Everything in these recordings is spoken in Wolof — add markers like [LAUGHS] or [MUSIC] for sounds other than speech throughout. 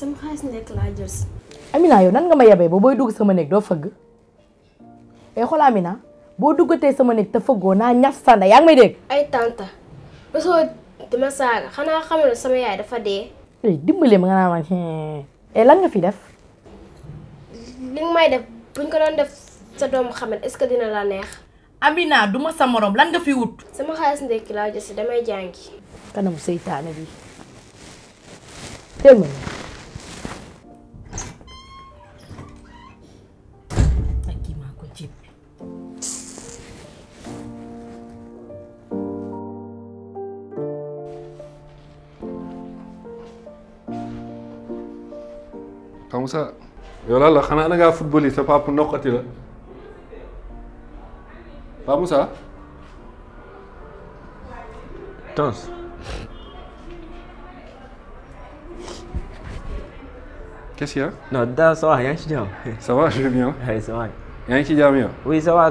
sama khas lekk laa jël Amina yow nan nga ma yebee bo boy dug sama nek do feug ay eh, xol Amina bo dugate sama nek te feugo na ñaf sanda yaa ngi may ay tanta ba soo dama saaga xanaa sama yaay dafa eh dimbale ma nga naa eh, eh lan nga fi def. li ngi may def buñ ko don def sa dom xamal est-ce dina la neex. Amina duma sa morom lan nga fi wut. sama khas ndekki la jël damay jangi kanam seytane bi. xam ça? sa yow la xanaa da ngaa football yi sa papa noqati la Pa Moussa. qu'est-ce qu'il y a. non ça va ça va je vais bien. oui ça va. yaa ngi bien? oui ça va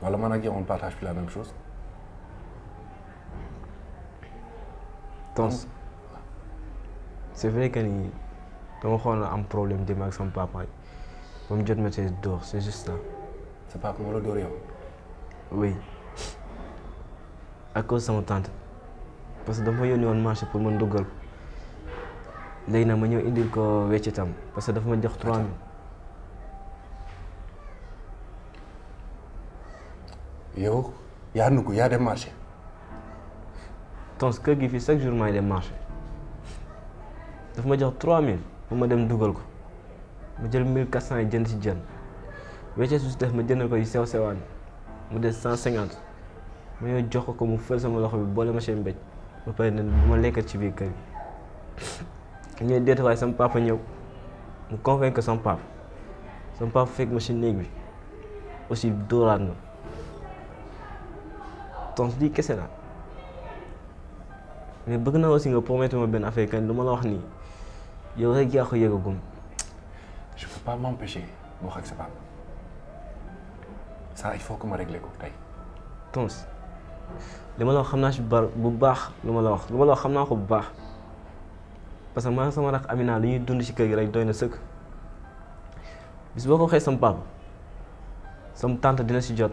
Voilà, on ne partage plus la même chose. Tons, c'est vrai que nous avons un problème de avec son papa. Comme Dieu me dehors, c'est juste ça. C'est pas comme le Dorian Oui. À cause de mon tante. Parce que je suis venu marché pour mon dougal. Là, il m'a pour le monde. parce que je me pour le monde. yow yaa nugg yaa dem marché. tons kër gi fii chaque jour maay dem marché daf ma jox mille ba ma dem dugal ko ma jël 1400 yi jënd ci jën weccee su def ma jënd ko yu sew sewaan mu des 150 ma ñëw jox ko ko mu fël sama loxo bi boole ma seen mbéj ba pare ne bu ma lekkat ci biir kër gi ñooy déet waaye sama papa ñëw mu convaincre sama papa sama papa fekk ma si néeg bi aussi dóoraat na. tontu lii kese la mais bëgg naa aussi nga benn affaire kan ma la wax nii yow rek yaa ko yëgagum. ma réglé ko tey. Tons li ma la wax xam naa si bar bu baax lu ma la wax lu ma xam naa ko bu baax parce que man sama rakk Amina li ñuy dund ci kër gi rek doy na sëkk bis boo ko waxee sama papa sama tante dina si jot.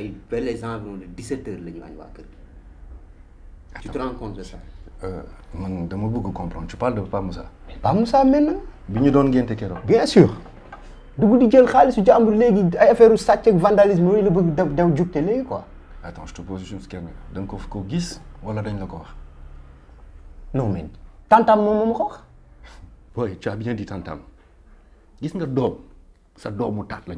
Il y les eu de 17 heures tu te rends compte de ça. Euh, man dama comprendre tu parles de pas mais non? maintenant. don bien sûr. tu di jël ay affaire un ak vandalisme attends je te pose juste question Donc, wala dañ la non mais tantam mon tu as bien dit tantam nga la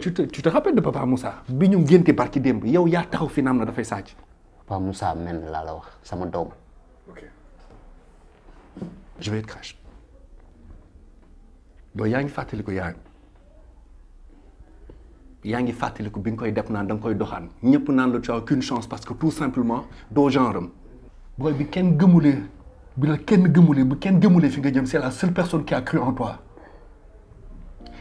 tu te tu te rappelles de papa Moussa bi ñu ngénte parti tu yow taxaw na papa Moussa men la wax sama ok je vais être crash. donc tu ngi yaa ngi bi koy def tu nga koy tu aucune chance parce que tout simplement fait genre Tu bi kenn la c'est la seule personne qui a cru en toi.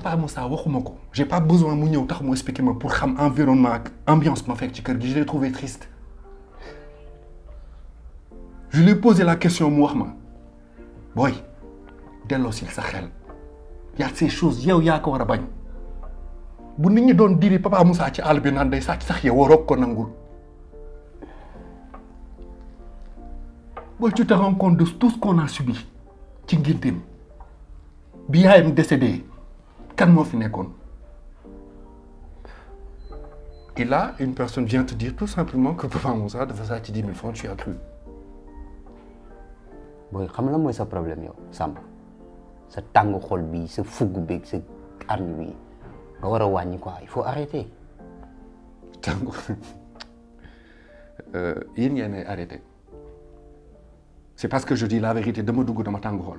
papa Moussa j'ai pas besoin de me tax expliquer pour environnement ambiance je trouvé triste je lui ai posé la question moi wax ma booy delloosil sa xel a ces choses yow yaa ko war a bu nit ñi diri papa Moussa ci day tu te rends compte de tout ce qu'on a subi ci bi es décédé kan moo fi nekkoon et là une personne vient te dire tout simplement que papa Moussa dafa tu dis mille francs tu as cru. booy xam là moi ça problème yow Samba sa tàng xol bi ce fugg beeg sa arme bi quoi il faut arrêter. tàng a euh, ngeen arrêté c'est parce que je dis la vérité De dama dugg ma tàng xol.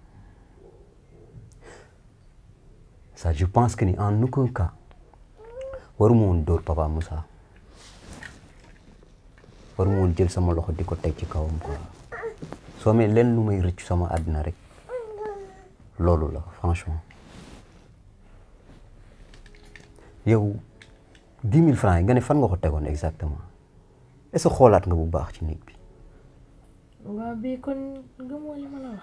ça je pense que ni en aucun cas waruma woon dóor papa Moussa waruma woon jël sama loxo di ko teg ci kawam quoi soo amee lenn lu may rëccu sama àddina rek loolu la franchement yow dix mille francs yi nga ne fan nga ko tegoon exactement est-ce xoolaat nga bu baax ci néeg bi. waaw bi kon gëmoo li ma la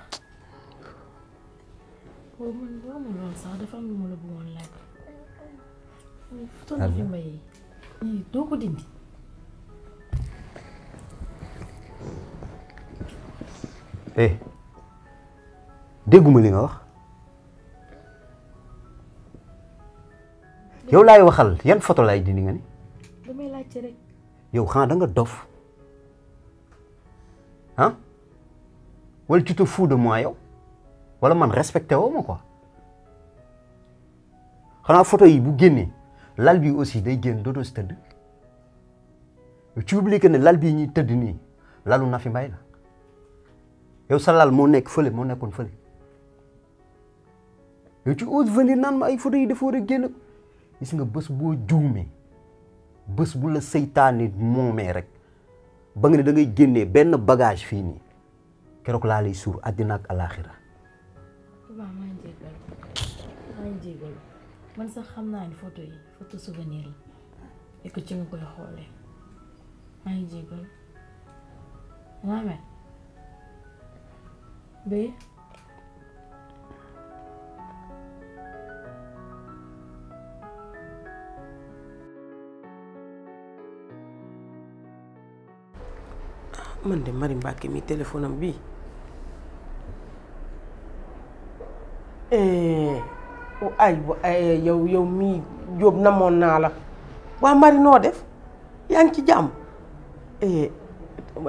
waaw man boo ma la bëggoon nga wax yow laay waxal yan photo laay dindi nga ni. damay xanaa da dof ah wala tu de moi yow. wala man respecté woo ma quoi xanaa photo yi bu génnee lal bi aussi day génn dootoo tëdd ci oublié que ne lal bii ñuy tëdd nii lal na fi mbay la yow sa lal moo nekk fële moo nekkoon fële yow ci ose venir naan ma ay photo yi dafa war a génn gis nga bés boo juumee bës bu la seytaane moomee rek ba nga ne da ngay génnee benn bagage fii nii keroog laa suur àddina ak alaaxira man sax xam naa ni photo yi photo souvenir la et que ci nga koy xoolee maa ngi jégal ah, man de Mari Mbàkke mi téléphone am bii eh. ay ay yow yow mii Jóob na moon naa la waa Marie noo def yaa ngi ci jàmm eh,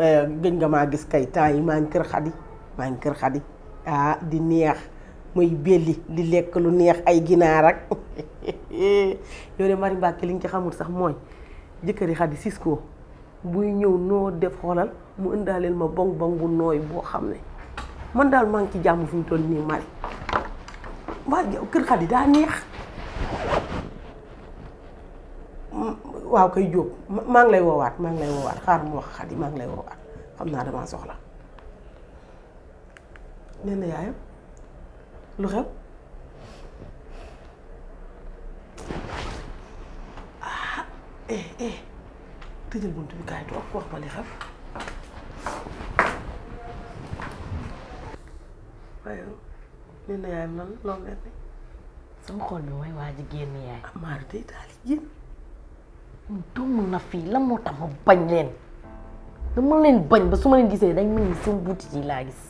eh, gëj nga maa gis kay temps yi maa ngi kër xadi maa ngi kër xadi ah di neex muy belli di lekk lu neex ay ginaar ak [LAUGHS] yow de Marie Mbàkke li nga ci xamul sax mooy jëkkëri sis ko buy ñëw noo def xoolal mu indaaleel ma bong bong bu nooy boo xam ne man daal maa ngi ci jàmm fi mu toll nii Marie ว่าเดี๋ยวขึ้นขาดีด้านนี้ว่าเคยหยุบมั่งเลยวัดมั่งเลยวัดข้ามัวขาดีมั่งเลยวัดคำนาดมาสอละเนี่ยนายลูกครับเอ๊เอ๊ะที่จะบุญทุกข์ใจตัวกวักมาเลยครับไปครั nee na yaay man loo nga ne. sama xol bi mooy waaj a génn yaay. amaar day daal di génn. na fii lan moo tax ma bañ leen dama leen bañ ba su ma leen gisee dañ mel ni sama buuti ji laa gis.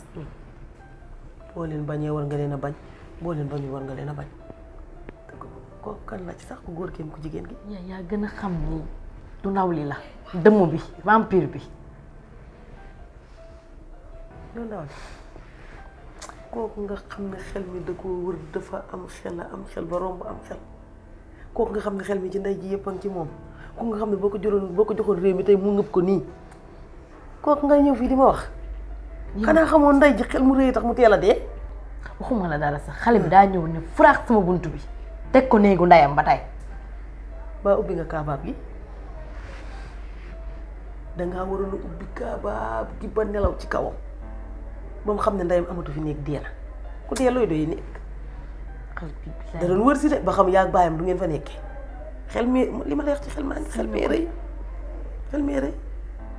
boo leen bañee war nga leen a bañ boo leen bañu war nga leen bañ. ko kan la ci sax ku góor kenn ku jigéen gi. yaa yaa gën xam ni du ndaw li la dëmm bi vampire bi. du ndaw kooku nga xam ne xel mi da koo wër dafa am xel am xel ba romb am xel kooku nga xam ne xel mi ci ndey ji yëpp a ngi ci moom ku nga xam ne boo ko joroon boo ko joxoon réew mi tey mu ngëb ko nii kooku ngay ñëw fii di ma wax xanaa xamoon ndey ji xel mu réy tax mu teel a dee waxuma la dara sax xale bi daa ñëw ne furaax sama bunt bi teg ko néegu ndeyam ba tey baa ubbi nga kaabaab gi dangaa waroon a ubbi kaabaab gi ba nelaw ci kawam ba mu xam ne ndeyam amatu fi néeg dee na ku dee looy doy néeg da doon wër si de ba xam yaa baayam du ngeen fa nekkee xel mi li ma lay wax ci xel maa rëy xel mi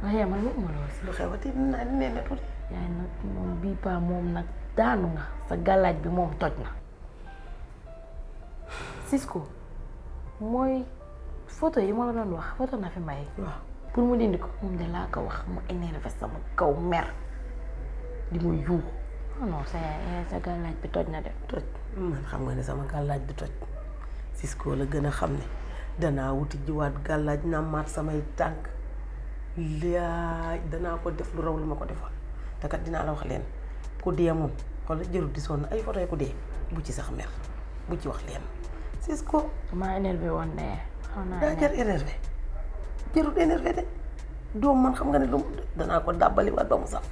man moom ma si. lu xew a tiit naa ne ne tuuti. yaay nag moom bii paa moom nag daanu nga sa galaaj bi moom toj na. Cisco mooy photo yi ma la doon wax photo na fi may. pour mu dindi ko moom de laa ko wax mu énervé sama kaw mer. di ma yuux oh non sa yaay eh, sa gàllaaj bi toj na de toj man xam nga ne sama gàllaaj bi toj Cisco la gën a xam ne danaa wuti jiwaat gàllaaj naa maat samay tànk laaj danaa ko def lu raw li ma ko defoon te kat dinaa la wax leen ku dee moom xoolal jërul di sonn ay photo ku dee bu ci sax mer bu ci wax leen Cisco maa énervé woon de daa jar énervé jërul énervé de doom man xam nga ne lu danaa ko dàbbaliwaat ba mu saf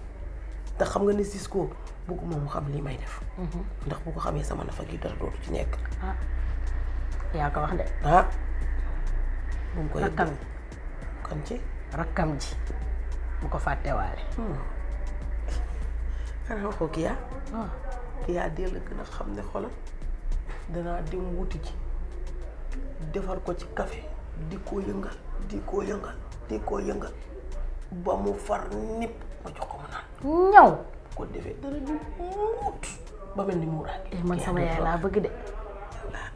te xam nga ne Cisco bëgguma mu xam li may def. ndax bu ko xamee sama nafa gi dara dootu ci nekk. ah yaa ko wax de. ah. bu mu ko yëg kan ci. rakkam ji bu ko fàttewaale. Hmm. xanaa waxoo Kya. Ah. Kya dee la gën a xam ne xoolal danaa dem wuti ji defar ko ci café di ko yëngal di ko yëngal di ko yëngal ba mu far nipp ñaw ko eh, man sama yaay laa bëgg de.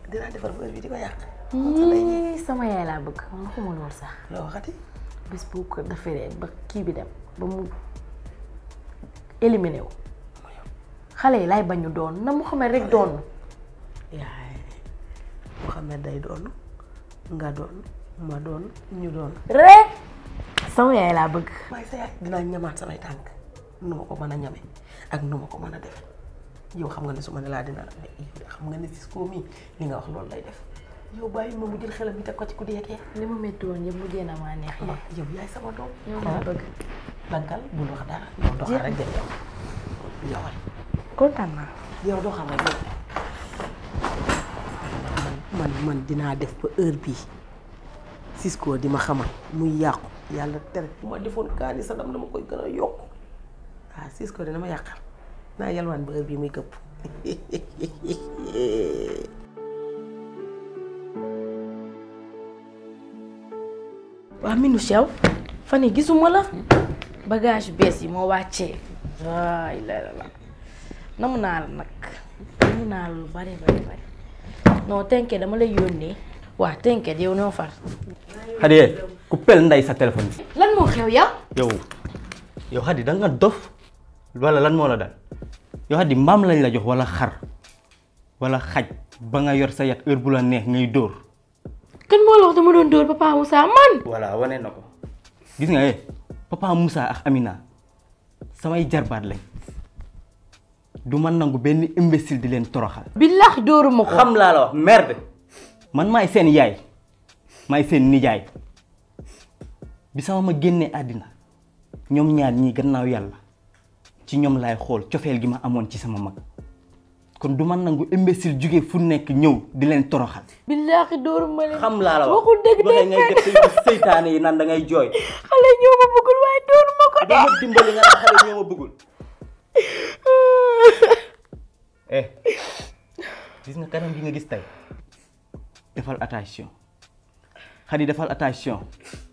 dinaa defar sama yaay laa bëgg man waxuma loolu sax. loo waxati. bis bu ko defee ba kii bi dem ba mu éliminé xale yi laay bañu doon na Mouhamed rek doon. yaay Mouhamed day doon nga doon ma doon ñu doon. rek. sama yaay laa bëgg. waaye samay tànk. nu ma ko mën a ñame ak nu ma ko mën a def yow xam nga ne su ma ne laa dina xam nga ne ko mi li nga wax loolu lay def yow bàyyi ma mu jël xelam bi teg ko ci ku deekee li mu métti woon yëpp mujjee na maa neex yi yow yaay sama doom yow laa bëgg dangal bul wax dara yow doxal rek dem yow yowal kontaan na yow doxal rek dem man man dinaa def ba heure bii Cisco di ma xamal muy yàqu yàlla tere ma defoon kaani sa dam dama koy gën a yokk ah Cisco dina ma yàqal naa yalwaan ba heure bii muy këpp. waa minu Chew fan yi gisuma la bagage bees yi moo wàcce waay nag namu naa la lu bari bari bari non tënkee dama lay yónnee waa tënkee yow noo far. Xadi ku pel nday sa téléphone bi. lan moo xew yow. yow yow Xadi da dof. wala lan mo la dal yo xam di lañ la jox wala xar wala xaj ba nga yor sa yak heure bu la neex ngay dor kan mo la wax dama don dor papa musa man. wala wane nako gis nga eh papa Musa ak Amina samay jarbat lañ du man nangu ben imbécile di len toroxal. billah dóoruma ko. xam la la merde. man may sen yaay may sen nijaay bi sama ma génnee adina ñom ñaar ñi gannaaw yalla ci ñoom laay xool cofeel gi ma amoon ci sama mag kon du ma nangu imbécile jóge fu nekk ñëw di leen toroxal. billaahi dóoru ma leen. xam laa la wax waxul dëgg dëgg seytaane yi naan da ngay jooy. [LAUGHS] xale ñoo ma bëggul waaye dóoru ko de. xale ñoo ma bëggul. [LAUGHS] Eh, gis nga kanam gi nga gis tey defal attention xadi defal attention.